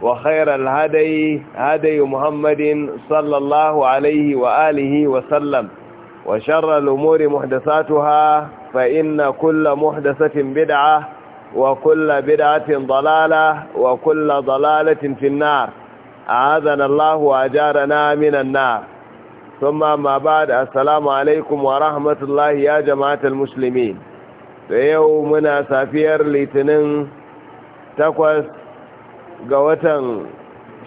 وخير الهدي هدي محمد صلى الله عليه وآله وسلم وشر الأمور محدثاتها فإن كل محدثة بدعة وكل بدعة ضلالة وكل ضلالة في النار أعاذنا الله وأجارنا من النار ثم ما بعد السلام عليكم ورحمة الله يا جماعة المسلمين في يومنا سافير لتنين تقوى ga watan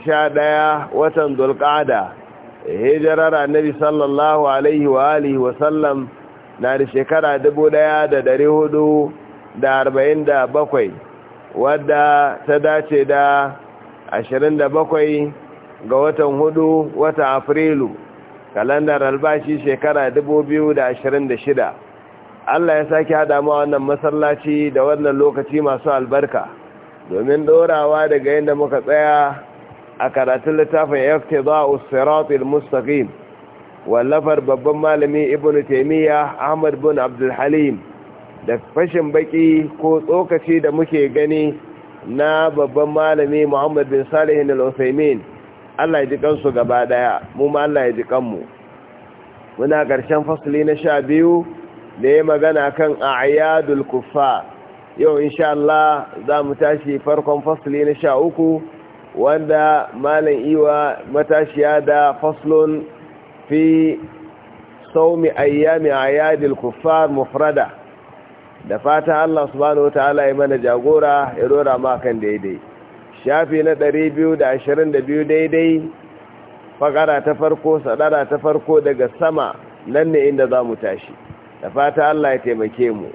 sha ɗaya watan dulƙada hijirar annabi sallallahu alaihi wa alihi wasallam na da shekara dubu ɗaya da dari hudu da arba'in da bakwai wadda ta dace da ashirin da bakwai ga watan hudu watan afrilu kalandar albashi shekara dubu biyu da ashirin da shida allah ya sake haɗa ma wannan masallaci da wannan lokaci masu albarka domin dorawa daga yadda muka tsaya a karatun littafin yakti a siratul mustaqim wallafar babban malami ibn taimiyya ahmad bin abdulhalim da fashin baki ko tsokaci da muke gani na babban malami muhammad bin salihin na usaimin allah ya ji kansu gaba daya mu ma allah ya ji kanmu muna ƙarshen fasali na sha biyu da ya magana kan a'yadul kuffar yau insha Allah za mu tashi farkon fasli na sha uku wanda malam iwa matashiya da faslun fi saumi ayyami yadin kuffar mufrada da fata Allah subhanahu wataala ya mana jagora ya rora makan daidai shafi na 222 daidai fakara ta farko sadara ta farko daga sama nan ne inda za mu tashi da fata Allah ya taimake mu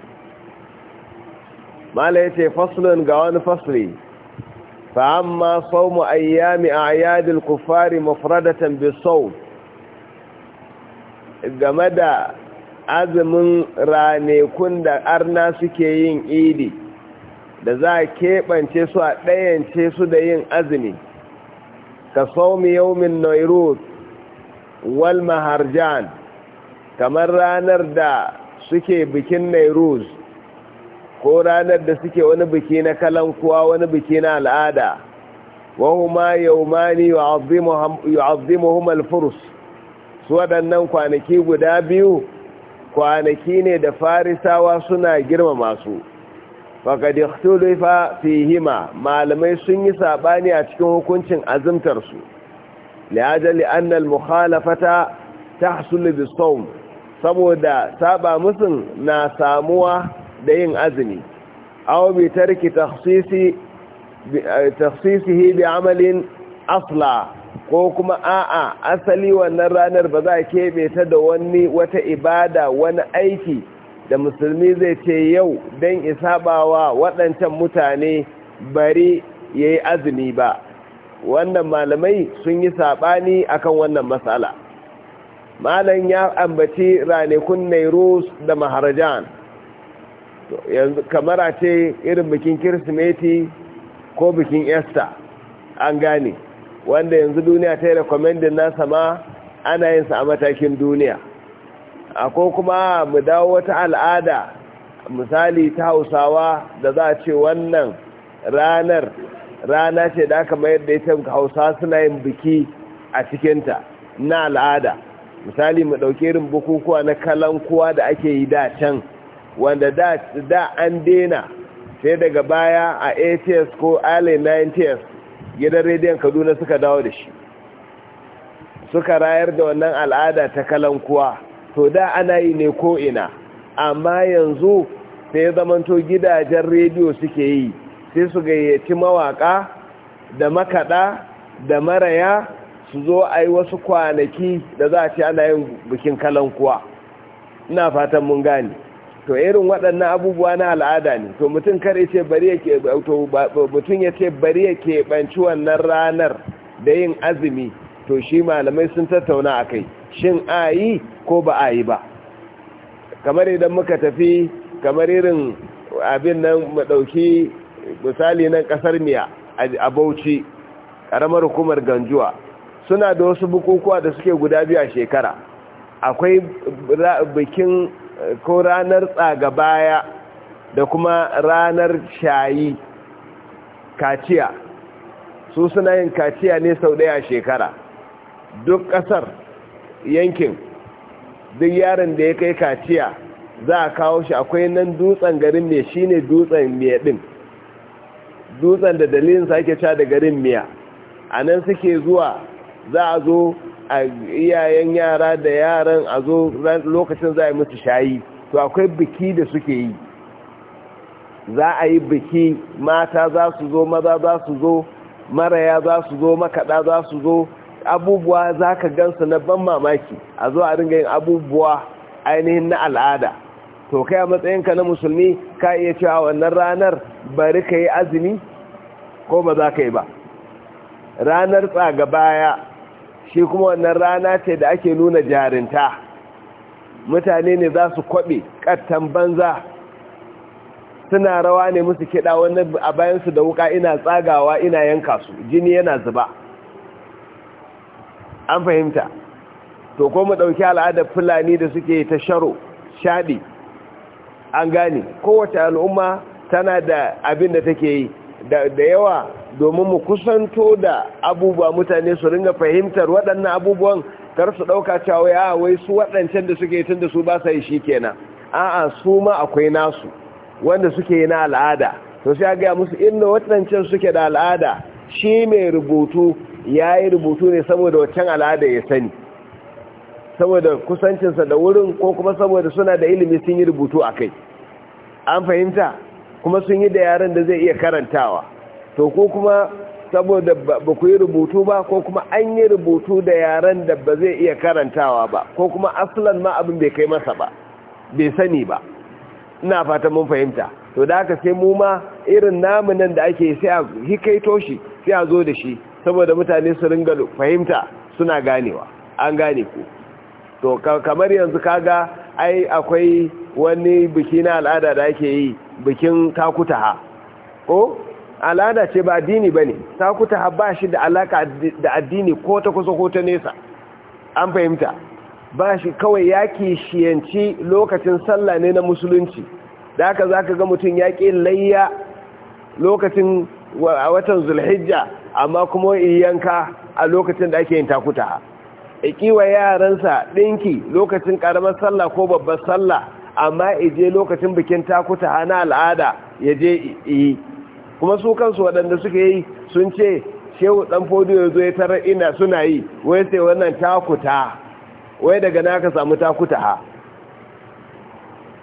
mala yace faslun ga wani fasli fa amma sawmu a a'yadil kufari mufradatan bisawm game da azumin ranekun da arna suke yin idi da za a keɓance su a ɗayance su da yin azumi ka saumi yaumin nairut wal maharjan kamar ranar da suke bikin nairuz ko ranar da suke wani biki na kalankuwa wani biki na al'ada wahuma yaumani yu'azzimuhum al-furs su waɗannan kwanaki guda biyu kwanaki ne da farisawa suna girma masu. faqad ikhtulifa fihima malamai sun yi sabani a cikin hukuncin azumtar su li'ajali anna al-mukhalafata tahsul bis-sawm saboda saba musun na samuwa da yin azumi aw bi tarki takhsisi eh, takhsisihi bi amalin asla ko kuma a'a asali wannan ranar ba za ke keɓe ta da wani wata ibada wani aiki da musulmi zai ce yau don isabawa waɗancan mutane bari ya yi azumi ba wannan malamai sun yi saɓani akan wannan matsala malam ya ambaci ranakun nairus da maharajan yanzu kamar a ce irin bikin kirsimeti ko bikin esta an gane wanda yanzu duniya ta yi rekomendin nasa ma ana yin sa a matakin duniya ko kuma mu dawo wata al'ada misali ta hausawa da za a ce wannan ranar rana ce da aka mayar da ita hausa suna yin biki a cikinta na al'ada misali mu ɗauki irin bukukuwa na kalankuwa da ake yi da can wanda da an dena sai daga baya a ats ko early 90s gidan rediyon kaduna suka dawo da shi suka rayar da wannan al'ada ta kalankuwa to da ana yi ne ko'ina. amma yanzu sai zamanto gidajen rediyo suke yi sai su gayyaci mawaka da makada da maraya su zo a yi wasu kwanaki da za a ce ana yin bikin kalankuwa ina fatan mun gane to irin waɗannan abubuwa na al'ada ne to mutum kar ce bari ya to mutum ya ce bari ya ke banci wannan ranar da yin azumi to shi malamai sun tattauna a kai shin a yi ko ba a yi ba kamar idan muka tafi kamar irin abin nan mu ɗauki misali nan ƙasar miya a bauchi ƙaramar hukumar ganjuwa suna da wasu bukukuwa da suke guda biyu a shekara akwai bikin ko ranar tsaga baya da kuma ranar shayi kaciya su suna yin kaciya ne sau daya shekara duk kasar yankin duk yaron da ya kai kaciya za a kawo shi akwai nan dutsen garin mai ne dutsen mai din dutsen da dalilin sake ca da garin miya a nan suke zuwa za a zo a iyayen yara da yaran a zo lokacin za a yi musu shayi to akwai biki da suke yi za a yi biki mata za su zo maza za su zo maraya za su zo makaɗa za su zo abubuwa za ka gansu na ban mamaki a zo a ringa yin abubuwa ainihin na al'ada to kai a matsayinka na musulmi ka iya cewa wannan ranar bari ka yi azumi ko ba za ka yi ba ranar tsaga baya shi kuma wannan rana ce da ake nuna jarinta mutane ne za su kwaɓe ƙattan banza suna rawa ne musu kiɗa wani a bayansu da wuka ina tsagawa ina yanka su jini yana zuba an fahimta to ko mu ɗauki al'adar fulani da suke ta sharo shaɗi an gane kowace al'umma tana da abin da take yi da yawa domin mu kusanto da abubuwa mutane su ringa fahimtar waɗannan abubuwan kar su ɗauka cewa ya ah, wai su waɗancan da suke tun da su ba sa yi shi kenan a'a su ma akwai nasu wanda suke yi na al'ada to sai gaya musu inda waɗancan suke da al'ada shi mai rubutu ya yi rubutu ne saboda waccan al'ada ya sani saboda kusancinsa da wurin ko kuma saboda suna da ilimi sun yi rubutu a kai an fahimta kuma sun yi da yaran da zai iya karantawa to ko kuma saboda ba ku yi rubutu ba ko kuma an yi rubutu da yaren da ba zai iya karantawa ba ko kuma asulan ma abin bai kai masa ba bai sani ba ina fata mun fahimta to da aka sai mu ma irin namu nan da ake sai a hikai shi sai a zo da shi saboda mutane su ringa fahimta suna ganewa an gane ku to kamar yanzu kaga ai akwai wani biki na al'ada da ake yi bikin takutaha ko al'ada ce ba addini ba ne takuta haɓa shi da alaka da addini ko ta kusa ko ta nesa an fahimta ba shi kawai ya shiyanci lokacin sallah ne na musulunci da haka za ka ga mutum ya ƙi layya lokacin a watan zulhijja amma kuma yanka a lokacin da ake yin takuta ikiwa yaransa ɗinki lokacin ƙaramar sallah ko babbar sallah amma ije lokacin bikin takuta na al'ada ya je yi kuma su kansu waɗanda suka yi sun ce shehu ɗan fodiyo zo ya tarar ina suna yi wai sai wannan takuta wai daga na ka samu takuta ha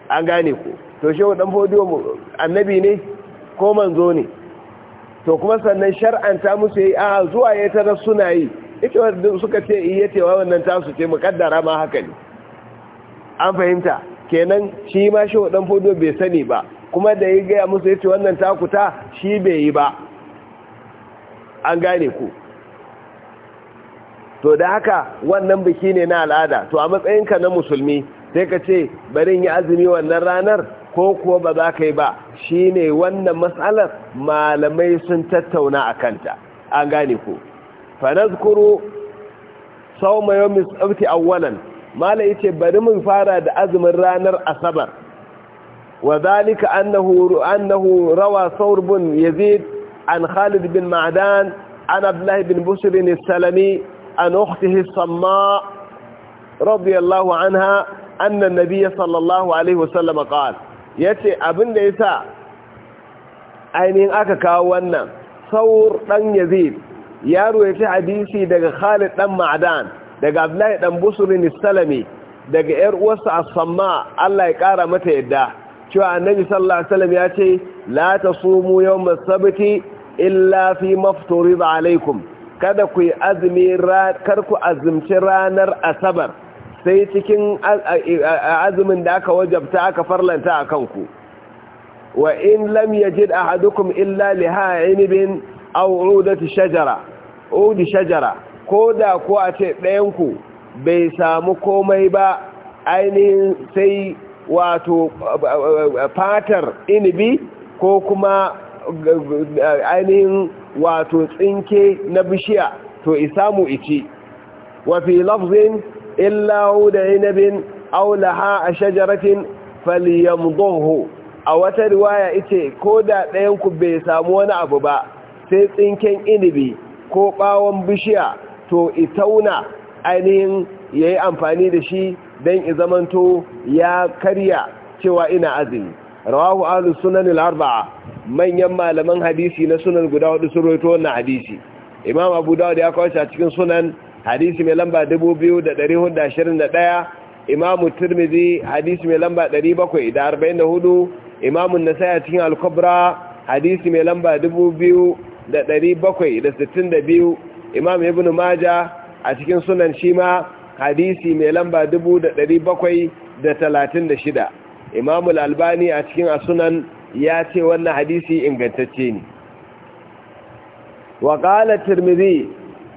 an gane ku to shehu ɗan fodiyo annabi ne ko manzo ne to kuma sannan shar'anta musu yi a zuwa ya tarar suna yi ita wadda suka ce iya cewa wannan tasu ce mukaddara ma haka ne an fahimta kenan shi ma shehu ɗan fodiyo bai sani ba kuma da ya gaya musu ya ce wannan takuta shi bai yi ba an gane ku to da haka wannan biki ne na al'ada to a matsayinka na musulmi sai ka ce barin yi azumi wannan ranar ko kuwa ba za ka yi ba shi ne wannan matsalar malamai sun tattauna a kanta an gane ku fanazkuru sau mai yau awwalan malai ce bari mun fara da azumin ranar asabar وذلك أنه, أنه روى ثور بن يزيد عن خالد بن معدان عن عبد الله بن بشر السلمي عن أخته الصماء رضي الله عنها أن النبي صلى الله عليه وسلم قال يتي أبن ليسا ainihin aka kawo wannan saur ɗan yazid ya ruwaci hadisi daga khalid ɗan ma'adan daga abdullahi ɗan busurin salami daga yar uwarsa a samma allah ya ƙara mata yadda cewa annabi sallallahu alaihi wasallam ya ce la tasumu as sabti illa fi mafturid alaikum kada ku yi azumi kar ku azumci ranar asabar sai cikin azumin da aka wajabta aka farlanta a kanku wa in lam yajid ahadukum illa liha inibin aw udat shajara udi shajara koda ko a ce ku bai samu komai ba ainihin sai wato fatar inibi ko kuma ainihin wato tsinke na bishiya to isamu ici wafi lafzin illahu da inabin aulaha a shajaratin falyamdohu a wata riwaya ita ko da ɗayanku bai samu wani abu ba sai tsinken inibi ko ɓawon bishiya to itauna ainihin ya yi amfani da shi don izamanto ya karya cewa ina azumi rawahu ahlus sunan al-arba'a manyan malaman hadisi na sunan guda hudu sun rawaito wannan hadisi imam abu dawud ya kawo shi a cikin sunan hadisi mai lamba 2421 imam tirmidhi hadisi mai lamba 744 imam an-nasai a cikin al-kubra hadisi mai lamba 2762 imam ibn maja a cikin sunan shi ma hadisi mai lamba da 736 imamul albani a cikin asunan ya ce wannan hadisi ingantacce ne wa ƙala turmizi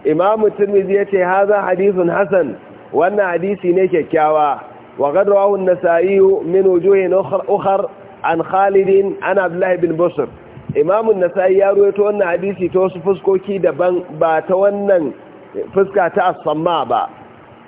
imamu turmizi ya ce haza hadisun hassan wannan hadisi ne kyakkyawa wa gadrawahun nasa'iyu min wujuhin ukhar an khalidin an abdullahi bin Busur. imamun nasa'i ya ruwaito wannan hadisi ta wasu fuskoki daban ba ta wannan fuska ta asamma ba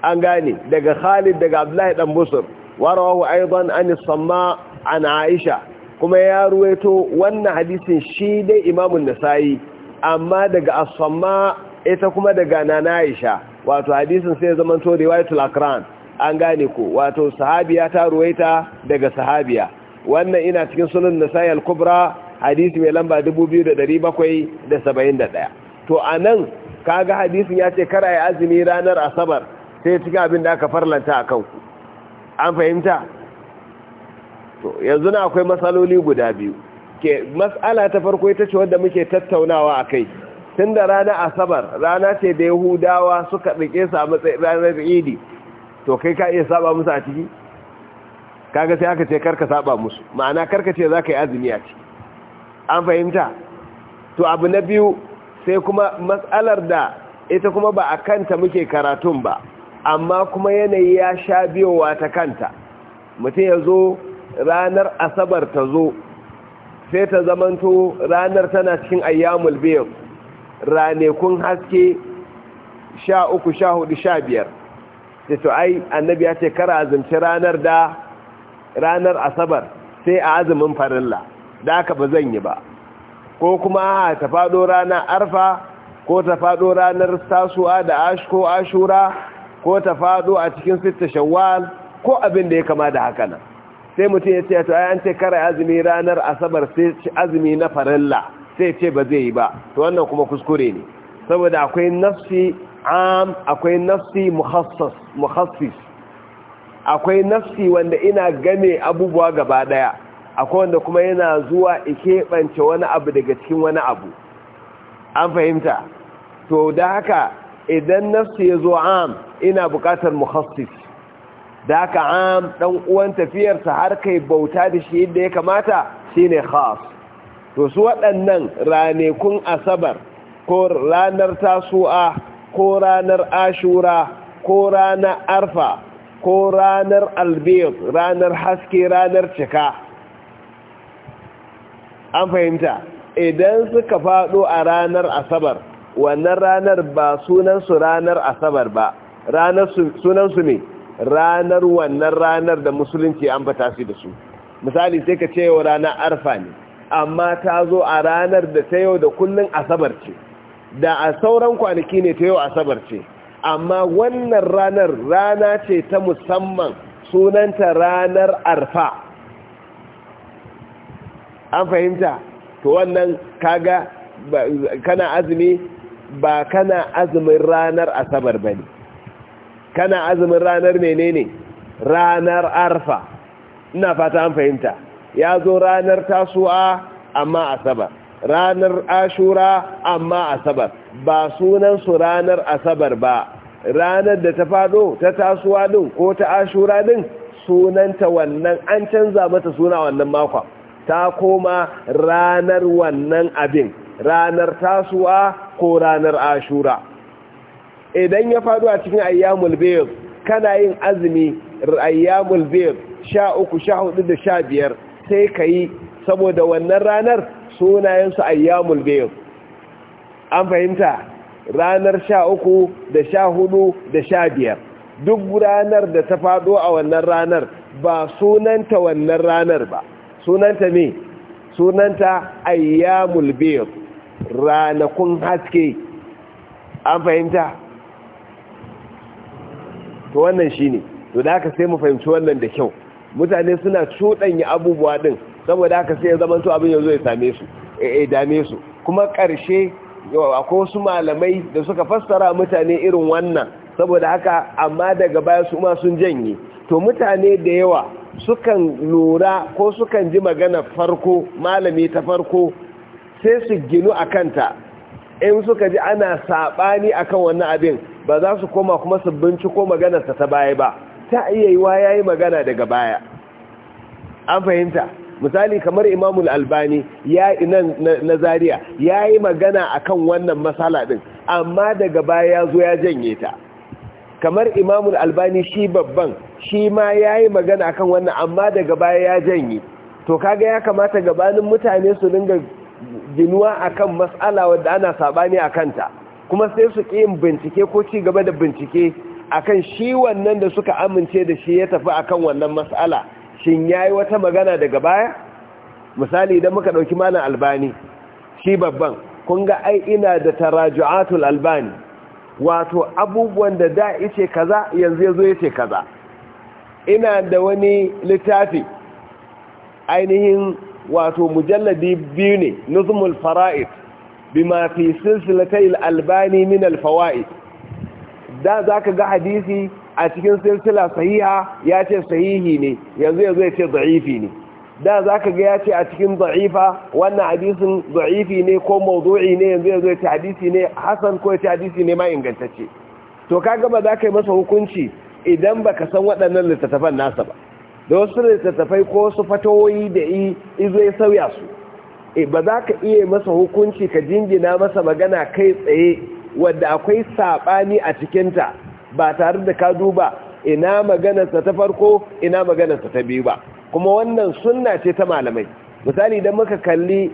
an gane daga Khalid daga Abdullahi dan Busr warawahu aidan an samma an Aisha kuma ya ruwaito wannan hadisin shi dai Imam nasai amma daga as-samma ita kuma daga Nana Aisha wato hadisin sai zaman to riwayatul akran an gane ko wato sahabiya ta ruwaita daga sahabiya wannan ina cikin sunan nasai al-kubra hadisi mai lamba 2771 to anan kaga hadisin ya ce kar ayi azumi ranar asabar sai cikin abin da aka farlanta a kanku an fahimta to yanzu na akwai matsaloli guda biyu ke matsala ta farko ita ce wadda muke tattaunawa a kai tun da rana asabar rana ce da yahudawa suka rike su a matsayin ranar idi to kai ka iya saba musu a ciki kaga sai aka ce karka saba musu ma'ana karka ce za ka yi azumi a ciki an fahimta to abu na biyu sai kuma matsalar da ita kuma ba a kanta muke karatun ba amma kuma yanayi ya sha biyowa ta kanta mutum ya zo ranar asabar ta zo sai ta zamanto ranar tana cikin ayyamul biyu ranekun haske sha uku sha hudu sha biyar ta to annabi ya ce kara azumci ranar da ranar asabar sai a azumin farilla da aka ba zan yi ba ko kuma ta faɗo ranar arfa ko ta faɗo ranar tasuwa da ashko ashura ko ta fado a cikin sitta shawwal ko abin da ya kama da haka nan sai mutum ya ce to ai an ce kare azumi ranar asabar sai azumi na farilla sai ce ba zai yi ba to wannan kuma kuskure ne saboda akwai nafsi am akwai nafsi muhassas muhassis akwai nafsi wanda ina game abubuwa gaba daya akwai wanda kuma yana zuwa ike ikeɓance wani abu daga cikin wani abu an fahimta to da haka idan nafsi ya zo am ina bukatar muhassis da aka am ɗan uwan tafiyarsa har kai bauta da shi yadda ya kamata shine khas to su waɗannan ranekun asabar ko ranar tasu'a ko ranar ashura ko ranar arfa ko ranar albiyar ranar haske ranar cika an fahimta idan suka faɗo a ranar asabar wannan ranar ba sunansu ranar asabar ba sunansu ne ranar wannan ranar da musulunci an bata su da su misali sai ka ce yau ranar arfa ne amma ta zo a ranar da ta yau da kullum asabar ce da a sauran kwanaki ne ta yau asabar ce amma wannan ranar rana ce ta musamman sunanta ranar arfa an fahimta to wannan kaga kana azumi ba kana azumin ranar asabar ba ne kana azumin ranar menene ranar arfa ina fata an fahimta ya zo ranar tasuwa amma asabar ranar ashura amma asabar ba sunan su ranar asabar ba ranar da ta fado ta tasuwa din ko ta ashura din sunanta wannan an canza mata suna wannan makon ta koma ranar wannan abin ranar tasuwa ko ranar ashura idan ya faru a cikin ayyamul bayr kana yin azumi ayyamul bayr 13 14 da 15 sai kai saboda wannan ranar sunayen su ayyamul bayr an fahimta ranar 13 da 14 da 15 duk ranar da ta fado a wannan ranar ba sunanta wannan ranar ba sunanta ne sunanta ayyamul bayr ranakun haske an fahimta to wannan shi ne to da aka sai mu fahimci wannan da kyau mutane suna cuɗanya abubuwa ɗin saboda aka sai ya zama to abin yanzu ya same su eh dame su kuma ƙarshe akwai wasu malamai da suka fassara mutane irin wannan saboda haka amma daga baya su ma sun janye to mutane da yawa sukan lura ko sukan ji magana farko malami ta farko sai su ginu a kanta in suka ji ana saɓani a kan wannan abin ba za su koma kuma su binciko maganarsa ta baya ba ta iya yi wa ya yi magana daga baya an fahimta misali kamar imamul albani ya na zariya ya yi magana a kan wannan matsala ɗin amma daga baya ya zo ya janye ta kamar imamul albani shi babban shi ma ya yi magana a kan wannan amma daga baya ya janye to kaga ya kamata gabanin mutane su dinga ginuwa akan matsala wadda ana sabani a kanta kuma sai su ƙi yin bincike ko ci gaba da bincike akan shi wannan da suka amince da shi ya tafi akan wannan mas'ala shin yayi wata magana daga baya misali idan muka ɗauki malam albani shi babban kun ga ai ina da taraju'atul albani wato abubuwan da da ice kaza yanzu yazo yace kaza ina da wani littafi ainihin wato mujalladi biyu ne nuzumul fara'id bima fi silsilatai albani min alfawaid da zaka ga hadisi a cikin silsila sahiha ya ce sahihi ne yanzu yanzu ya ce da'ifi ne da zaka ga ya ce a cikin da'ifa wannan hadisin da'ifi ne ko mawdu'i ne yanzu yanzu ya ce hadisi ne hasan ko ya ce hadisi ne ma ingantacce to kaga ba za ka yi masa hukunci idan baka san waɗannan littattafan nasa ba da wasu littattafai ko su fatoyi da izo ya sauya su eh, ba za ka iya masa hukunci ka jingina masa magana kai tsaye wadda akwai saɓani a cikinta ba tare da ka duba ina maganarsa ta farko ina maganarsa ta biyu ba kuma wannan sunna ce ta malamai misali idan muka kalli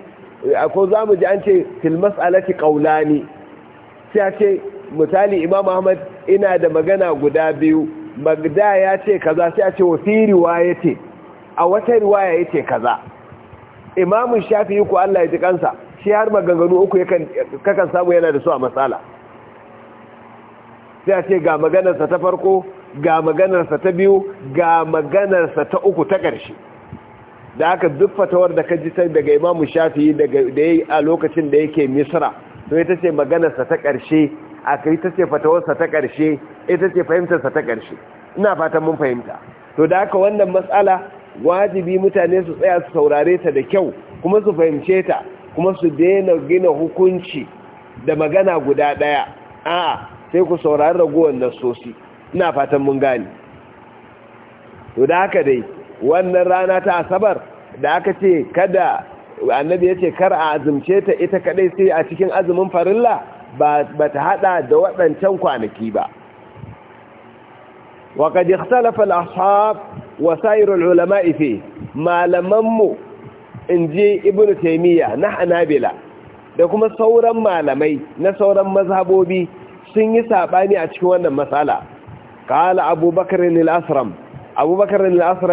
eh, ko za mu ji an ce filmas alati ƙaulani sai a ce misali imam ahmad ina da magana guda biyu bagda ya ce kaza sai a ce wa fi riwaya ce a wata riwaya ya ce kaza imamun yi ku Allah ya ji kansa shi har maganganu uku kakan samu yana da su a matsala sai a ce ga maganarsa ta farko ga maganarsa ta biyu ga maganarsa ta uku ta ƙarshe da aka duk fatawar da ka ji ta daga imamun shafi yi a lokacin da yake misra sai ita ce maganarsa ta ƙarshe a kai ta ce fatawarsa ta ƙarshe ita ce fahimtarsa ta ƙarshe ina fatan mun fahimta to da haka wannan matsala wajibi mutane su tsaya su saurare ta da kyau kuma su fahimce ta kuma su daina gina hukunci da magana guda ɗaya a sai ku saurari ragowar nasosi ina fatan mun gane to da haka dai wannan rana ta asabar da aka ce kada annabi ya ce kar a azumce ta ita kadai sai a cikin azumin farilla ba ta hada da waɗancan kwanaki ba waƙadi ikhtalafa al-ashab wa sairul ulama ife malamanmu in ji ibn taimiyya na hanabila da kuma sauran malamai na sauran mazhabobi sun yi saɓani a cikin wannan matsala ƙala abubakar al-asram abubakar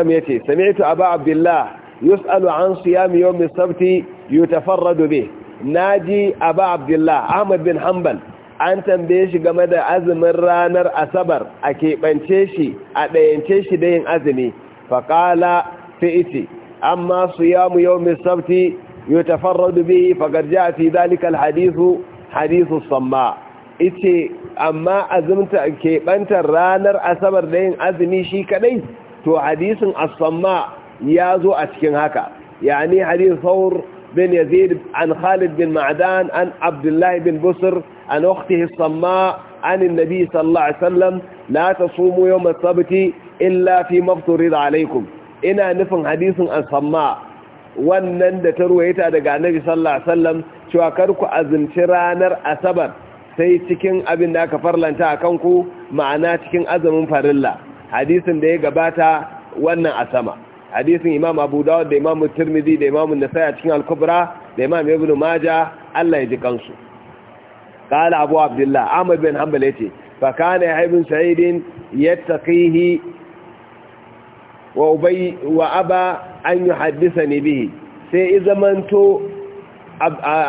ya ce sami'tu abu abdullah yus'alu an siyami yawmin sabti yutafarradu bih naji abu abdullah ahmad bin hanbal an tambaye shi game da azumin ranar asabar a keɓance shi a ɗayance shi da yin azumi faƙala fi'iti amma su yamu yau mai sabti yau farra dubi fagarja a fi zalikal hadisu hadisu samma ice amma azumta keɓantar ranar asabar da yin azumi shi kaɗai to hadisin asamma ya zo a cikin haka yani hadisun بن يزيد عن خالد بن معدان عن عبد الله بن بصر عن أخته الصماء عن النبي صلى الله عليه وسلم لا تصوموا يوم السبت إلا فيما افترض عليكم إنا نفن حديث عن الصماء wannan da ta ruwaita daga annabi sallallahu alaihi wasallam cewa kar ku azumci ranar asabar sai cikin abin da aka farlanta a kanku ma'ana cikin azumin farilla hadisin da ya gabata wannan asama hadisin imam abu dawud da imam tirmidhi da imam nasai a cikin al-kubra da imam ibn maja Allah ya ji kansu qala abu abdullah ahmad bin hanbal yace fa kana ibn sa'id yattaqihi wa ubay wa aba an yuhaddisani bihi sai izamanto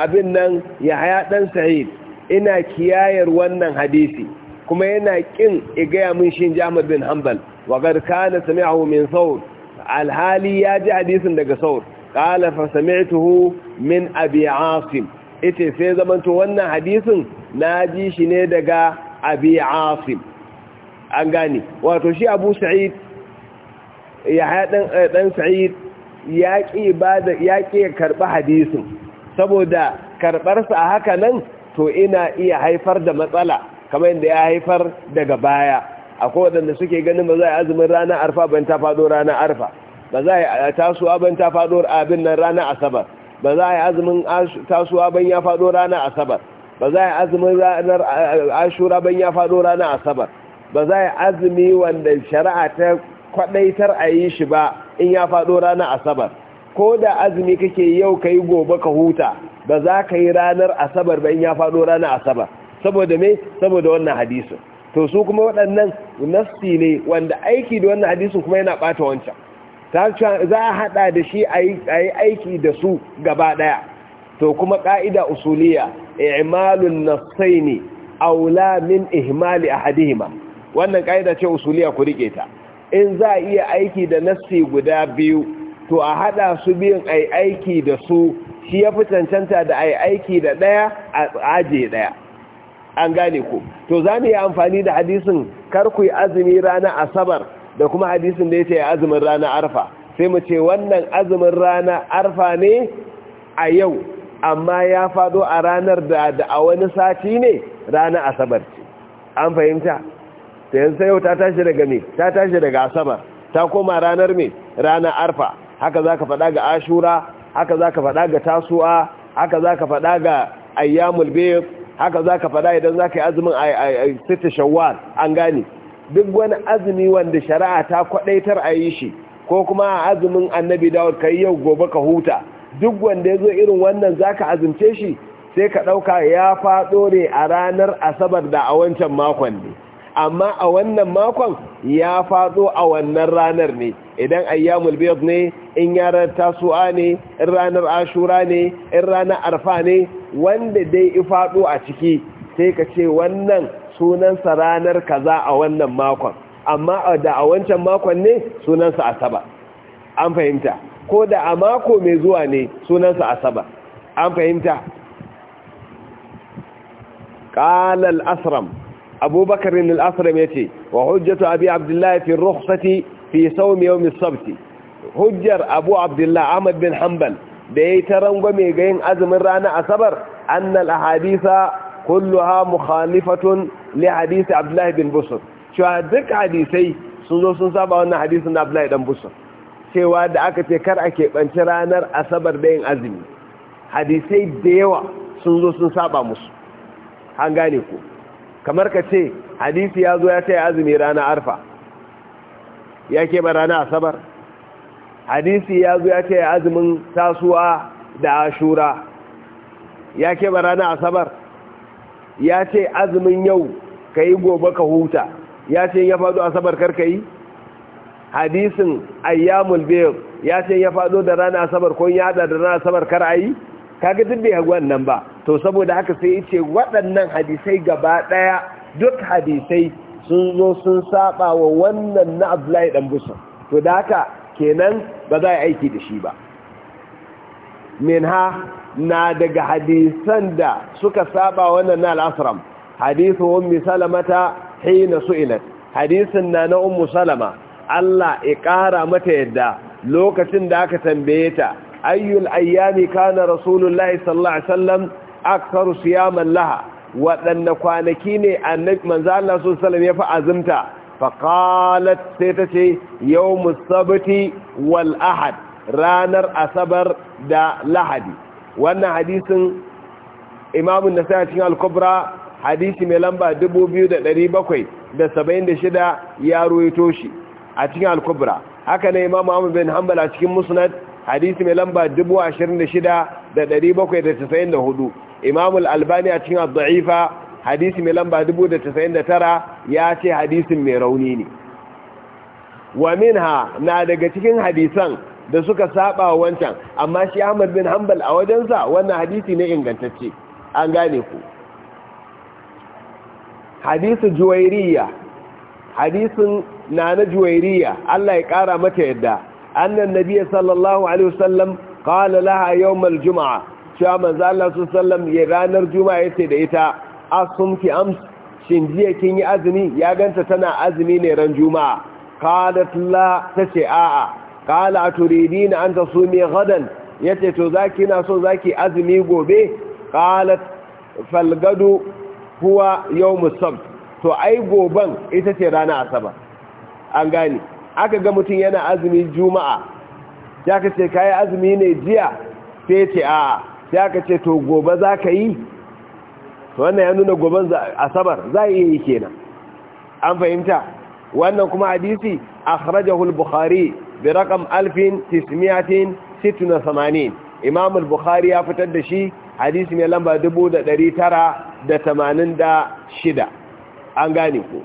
abin nan yahya dan sa'id ina kiyayar wannan hadisi kuma yana kin igaya mun shin jami'ar bin hanbal wa gar na sami'ahu min saur alhali ya ji hadisin daga saur kala fa sami'tuhu min abi asim ite sai zamanto wannan hadisin na ji shi ne daga abi asim an gane wato shi abu sa'id ya haɗin ɗan sa'id ya ƙi karɓi hadisin saboda karɓarsa a haka nan to ina iya haifar da matsala kamar yadda ya haifar daga baya akwai waɗanda suke ganin ba za a yi azumin rana arfa ban ta faɗo rana arfa ba za a yi tasuwa ban ta faɗo abin nan rana asabar ba za a yi azumin tasuwa ban ya faɗo rana asabar ba za a yi azumin ranar eh, ashura ban ya faɗo rana asabar ba za a yi azumi wanda shari'a ta kwaɗaitar a yi shi ba in ya faɗo rana asabar ko da azumi kake yau ka yi gobe ka huta ba za ka yi ranar asabar ba in ya faɗo rana asabar saboda me saboda wannan hadisin to su kuma waɗannan nafsi ne wanda aiki da wannan hadisin kuma yana ɓata wancan za a haɗa da shi a yi aiki da su gaba ɗaya to kuma ƙa'ida usuliya imalun nafsai ne aula min ihimali a hadihima wannan ƙa'ida ce usuliya ku riƙe ta in za a iya aiki da nafsi guda biyu to a haɗa su biyun a aiki da su shi ya fi cancanta da a aiki da ɗaya a ajiye ɗaya an gane ku to za mu yi amfani da hadisin kar ku yi azumi rana asabar da kuma hadisin da ya ce azumin rana arfa sai mu ce wannan azumin rana arfa ne a yau amma ya fado a ranar da da a wani sati ne rana asabar ce an fahimta ta yanzu yau ta tashi daga me ta tashi daga asabar ta koma ranar me rana arfa haka zaka faɗa ga ashura haka zaka faɗa ga tasu'a haka zaka faɗa ga ayyamul bayt haka za ka faɗa idan za ka yi azumin a sita shawar an gane duk wani azumi wanda shari'a ta kwaɗaitar a yi shi ko kuma a azumin annabi dawud ka yi yau gobe ka huta duk wanda ya zo irin wannan za ka azumce shi sai ka ɗauka ya faɗo ne a ranar asabar da a wancan makon ne amma a wannan makon ya faɗo a wannan ranar ne idan ayyamul bayd ne in yarar tasu'a ne in ranar ashura ne in ranar arfa ne wanda dai faɗo a ciki sai ka ce wannan sunansa ranar kaza a wannan makon amma da a wancan makon ne sunansa asaba an fahimta ko da a mako mai zuwa ne sunansa asaba an fahimta ƙalal asram abubakar ibn al-asram yace wa hujjatu abi abdullah fi rukhsati fi sawm yawm as-sabt hujjar abu abdullah ahmad bin hanbal da yayi tarangwame ga yin azumin rana asabar anna al-ahaditha kulluha mukhalifatun li hadith abdullah bin busr cewa duk hadisai sun zo sun saba wannan hadisin na abdullah dan busr cewa da aka ce kar a banci ranar asabar da yin azumi hadisai da yawa sun zo sun saba musu an gane ku kamar ka ce hadisi ya zo ya ce azumi rana arfa ya keɓe rana asabar hadisi ya zo ya ce azumin tasuwa da ashura ya keɓe rana asabar ya ce azumin yau ka yi gobe ka huta ya ce ya faɗo asabar karka yi hadisin ayyamul biyu ya ce ya faɗo da rana asabar ko ya da rana asabar kar a yi kaga duk ya hagu wannan ba to saboda haka sai ce waɗannan hadisai gaba ɗaya duk hadisai sun zo sun saba wa wannan na Abdullahi dan Busa to da haka kenan ba za a aiki da shi ba minha na daga hadisan da suka saba wannan na al-Asram hadithu ummi salamata hina su'ilat hadisin na na ummu salama Allah ya ƙara mata yadda lokacin da aka tambaye ta ayyul ayyami kana rasulullahi sallallahu alaihi wasallam aktharu siyaman laha wadanna kwanaki ne annabi manzo Allah sallallahu ya fa azumta faqalat sai tace yau sabti wal ahad ranar asabar da lahadi wannan hadisin imamun nasai cikin al hadisi mai lamba da 2776 ya ruwaito shi a cikin al haka ne imamu Ahmad bin Hanbal a cikin Musnad hadisi mai lamba 26794 imamul albani a cikin abdu'ifa hadisi mai lamba tara ya ce hadisin mai rauni ne wa ha na daga cikin hadisan da suka saba wancan amma shi Ahmad bin Hanbal a wajensa wannan hadisi ne ingantacce an gane ku hadisu juwairiyya hadisun na na juwairiyya Allah ya kara mata yadda أن النبي صلى الله عليه وسلم قال لها يوم الجمعة شاء من ذا الله صلى الله عليه وسلم يغانر جمعة يتدئتا في أمس شنجية كيني أزمي يغانت تتنى أزمي نيران جمعة قالت لا تشعاء قال أتريدين أن تصومي غدا يتتو ذاكي ناسو ذاكي أزمي قوبي قالت فالغدو هو يوم السبت تو أي goban ita ce rana asaba an aka ga mutum yana azumi juma'a Ya ka ce kayi azumi ne jiya sai ce a ya ka ce to gobe za ka yi wannan ya nuna goben asabar za a iya yi kenan an fahimta wannan kuma hadisi a harajahul buhari bi tismiyatin 1986 imam al-bukhari ya fitar da shi hadisi mai lamba dubu da da da dari tara tamanin shida. an gane ku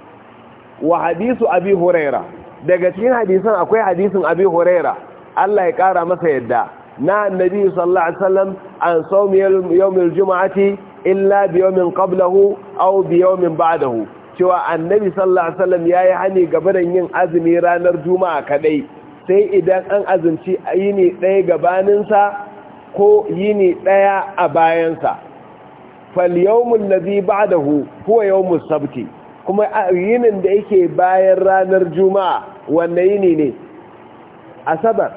wa hadisu abi huraira daga cikin hadisan akwai hadisin abi huraira Allah ya kara masa yadda na annabi sallallahu alaihi wasallam an sawmi yawmil jumu'ati illa bi yawmin qablahu aw bi yawmin ba'dahu cewa annabi sallallahu alaihi wasallam yayi hani gabaran yin azumi ranar juma'a kadai sai idan an azumci yini ɗaya gabaninsa ko yini ɗaya a bayansa fal yawmul ladhi ba'dahu huwa yawmus sabti kuma yinin da yake bayan ranar juma'a wannan yini ne asabar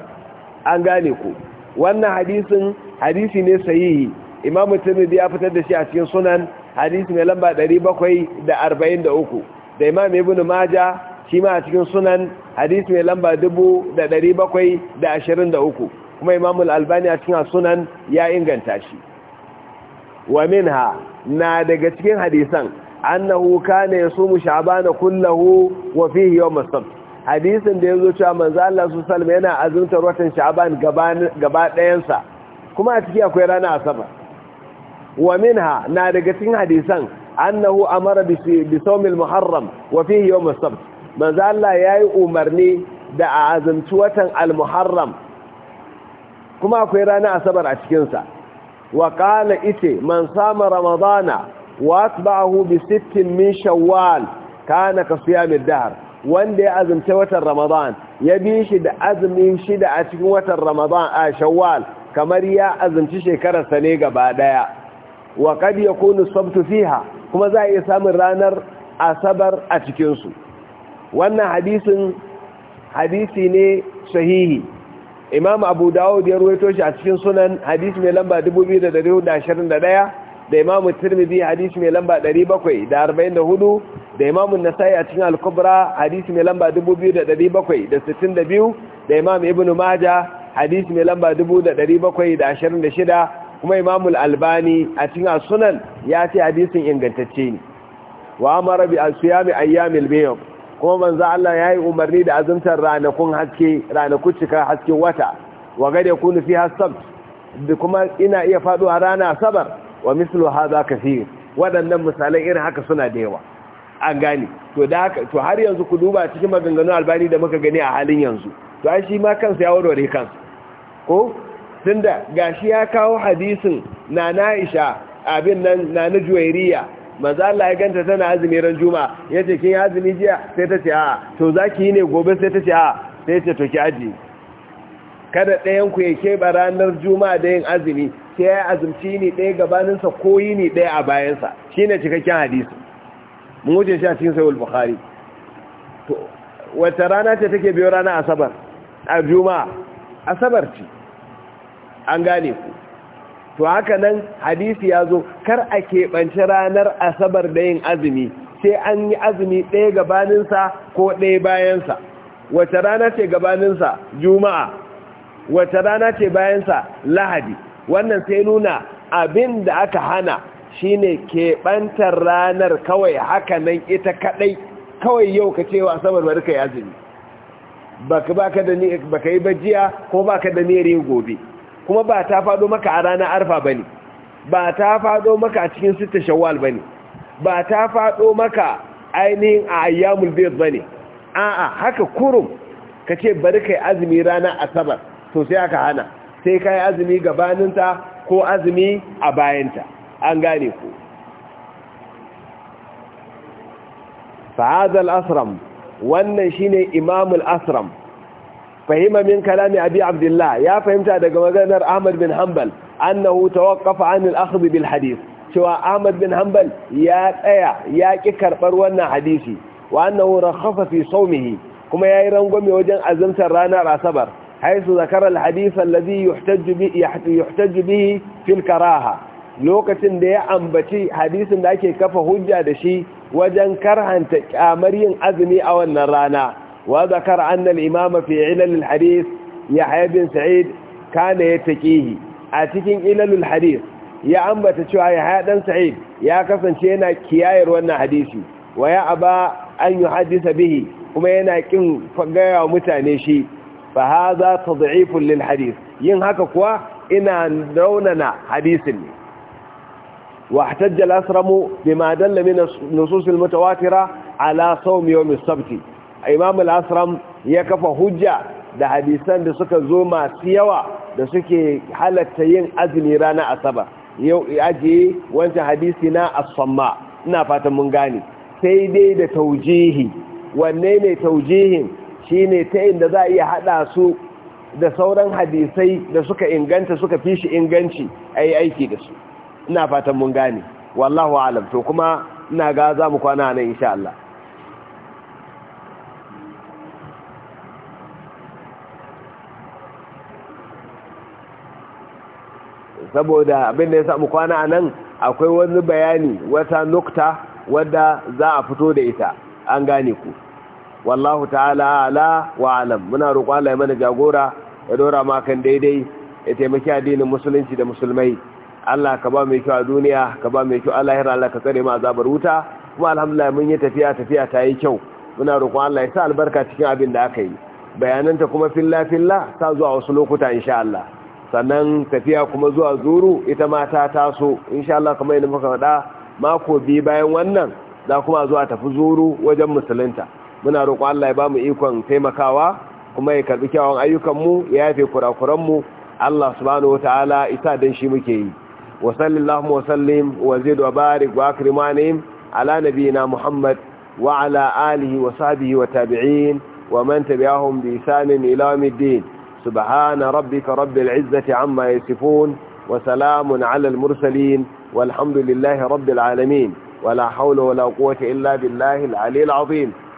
an gane ku wannan hadisin hadisi ne sahihi imam tirmidhi ya fitar da shi a cikin sunan hadisi mai lamba 743 da imam ibnu maja shi ma a cikin sunan hadisi mai lamba 723 kuma imam al-albani a cikin sunan ya inganta shi wa minha na daga cikin hadisan annahu kana yasumu sha'bana kullahu wa fihi yawm as-sabt hadisin da yazo cewa manzo Allah su sallama yana azumtar watan sha'ban gaba ɗayan sa kuma a ciki akwai rana asabar wa minha na daga cikin hadisan annahu amara bi sawmil muharram wa fihi yawm as-sabt manzo Allah yayi umarni da a azumci watan al-muharram kuma akwai rana asabar a cikin sa wa qala ite man sama ramadana واتبعه بست من شوال كان كصيام الدهر wanda ya azumce watan Ramadan ya bi shi da azumin shida a cikin watan Ramadan a shawal kamar ya azumci shekarar ne gaba daya wa ya yakunu sabtu fiha kuma za a iya samun ranar asabar a cikin su wannan hadisin hadisi ne sahihi Imam Abu Dawud ya ruwaito shi a cikin sunan hadisi mai lamba 2221 da imamu tirmidhi hadisi mai lamba 744 da imamu nasai a cikin al-kubra hadisi mai lamba 2762 da imamu ibnu maja hadisi mai lamba 2726 kuma imamu al-albani a cikin sunan ya ce hadisin ingantacce ne wa amara bi asiyami ayyamil bayd kuma manzo Allah ya yi umarni da azumtar ranakun haske ranakun cika hasken wata wa gade kunu fiha sabt kuma ina iya faduwa rana sabar wa mislu hadha kaseer waɗannan misalan irin haka suna da yawa an gane to da to har yanzu ku duba cikin maganganun albani da muka gani a halin yanzu to ai shi ma kansa ya warware kansa ko tunda gashi ya kawo hadisin na Aisha abin nan na Najwairiya maza Allah ya ganta tana azumi ran juma yace kin azumi jiya sai ta ce a to zaki yi ne gobe sai ta ce a sai ta to ki aji kada ɗayan ku ya keɓa ranar Juma'a da yin azumi sai ya azumci ne ɗaya gabaninsa ko yi ne ɗaya a bayansa shi ne cikakken hadisi mun wuce shi a cikin sayul bukhari wata rana ce take biyo rana asabar a juma'a asabar ce an gane ku to haka nan hadisi ya zo kar a keɓanci ranar asabar da yin azumi sai an yi azumi ɗaya gabaninsa ko ɗaya bayansa wata rana ce gabaninsa juma'a wata rana ce bayansa lahadi wannan sai nuna abin da aka hana shi shine keɓantar ranar kawai haka nan ita kaɗai kawai yau ka cewa asabar bari ka yazini ba baka da ni yi bajiya ko baka da niyyar yin gobe kuma ba ta faɗo maka a ranar arfa ne, ba ta faɗo maka a cikin sita ba ne, ba ta faɗo maka ainihin a ayyamul ba ne. a'a haka kurum ce bari yi azumi ranar asabar sosai aka hana sai ka yi azumi gabaninta ko azumi a bayanta an gane ku fa'azal asram wannan shine imamul asram fahima min kalami abi abdullah ya fahimta daga maganar ahmad bin hanbal annahu tawaqqafa an al-akhdh bil hadith cewa ahmad bin hanbal ya tsaya ya ki karbar wannan hadisi wa annahu rakhafa fi sawmihi kuma yayi rangwame wajen azumtar ranar asabar حيث ذكر الحديث الذي يحتج به يحتج به في الكراهه lokacin da ya ambaci hadisin da ake kafa hujja da shi wajen karhanta kyamar yin azumi a wannan rana wa zakar anna al-imam fi ilal al-hadith yahya bin sa'id kana yataqihi a cikin ilal al-hadith ya ambata cewa yahya dan sa'id ya kasance yana kiyayar wannan hadisi wa ya aba an yuhaddisa bihi kuma yana kin gayawa mutane shi fa ta tad'ifun lil hadis. yin haka kuwa ina raunana hadisin ne واحتج min بما دل من النصوص المتواترة على صوم Imam al إمام ya kafa hujja da hadisan da suka zo masu yawa da suke halatta yin azumi rana asaba yau ajiye wancan hadisi na samma ina fatan mun gane sai dai da taujihi wanne ne taujihin Shi ne ta inda za a iya haɗa su da sauran hadisai da suka inganta suka fi shi inganci a yi aiki da su ina fatan mun gane wallahu alam to kuma ina ga za mu kwana nan insha Allah saboda abin da ya samu kwana nan akwai wani bayani wata nukta wadda za a fito da ita an gane ku wallahu ta'ala ala wa alam muna roƙo Allah ya mana jagora ya dora ma kan daidai ya taimaki addinin musulunci da musulmai Allah ka ba mu kyau a duniya ka ba mu kyau a lahira Allah ka tsare mu azabar wuta kuma alhamdulillah mun yi tafiya tafiya ta yi kyau muna roƙo Allah ya sa albarka cikin abin da aka yi bayananta kuma filla filla ta zuwa wasu lokuta insha Allah sannan tafiya kuma zuwa zuru ita ma ta taso insha Allah kamar yadda muka faɗa mako biyu bayan wannan za kuma zuwa tafi zuru wajen musulunta muna roƙo Allah ya bamu ikon taimakawa kuma ya karbi kyawun ayyukanmu ya yafe mu Allah subhanahu wataala isa dan shi muke yi wa sallallahu wa sallim wa zid wa barik wa akrimanim ala nabiyina Muhammad wa ala alihi wa sahbihi wa tabi'in wa man tabi'ahum bi ihsan ila yawmiddin subhana rabbika rabbil izzati amma yasifun wa salamun ala al mursalin والحمد لله رب العالمين ولا حول ولا قوة إلا بالله العلي العظيم